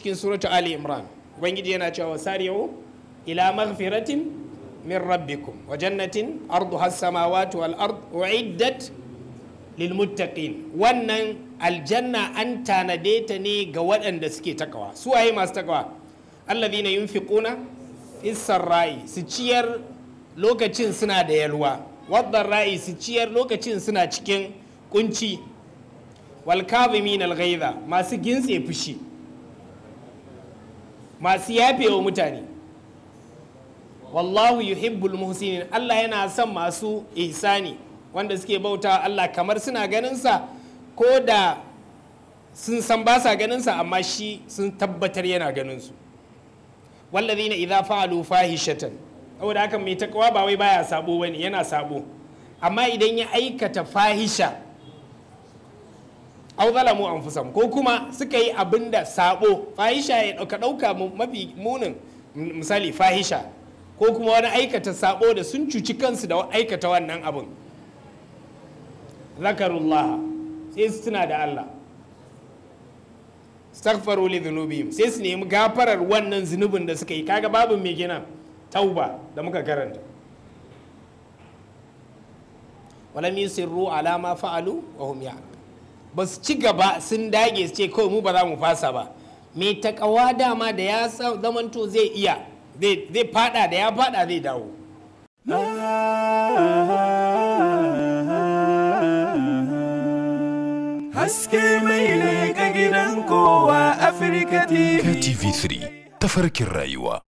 cikin suratu ali imran ubangiji yana cewa sariyo ila maghfiratin min rabbikum wa jannatin arduha as-samawati wal ard uiddat lil muttaqin wannan aljanna an tanade ta ne ga waɗanda suke takawa su waye masu takawa alladhina yunfiquna isar ra'i su ciyar lokacin suna da yalwa waddan ra'i su ciyar lokacin suna cikin kunci wal kazimin al masu gintse fushi masu yafe wa mutane wallahu yuhibbul muhsinin Allah yana son masu ihsani wanda suke bauta Allah kamar suna ganinsa ko da sun san ba sa ganinsa amma shi sun tabbatar yana ganinsu wallazina idza fa'alu fahishatan saboda haka mai takwa ba wai baya sabo bane yana sabo amma idan ya aikata fahisha au zalamu fusam ko kuma suka yi abin da sabo fahisha ya ɗauka dauka mafi munin misali fahisha ko kuma wani aikata sabo da sun cuci kansu da aikata wannan abin zakarullah sai su tuna da Allah staghfaru li dhunubihim sai su nemi gafarar wannan zunubin da suka yi kaga babu mai gina tauba da muka karanta walam yusirru ala ma fa'alu wa hum ya'lamun ba su ci gaba sun dage su ce kawai mu ba za mu fasa ba mai takawa dama da ya zamanto zai iya zai fada da ya fada zai dawo haske mai ne ga gidan kowa afirka tv3 tafarkin rayuwa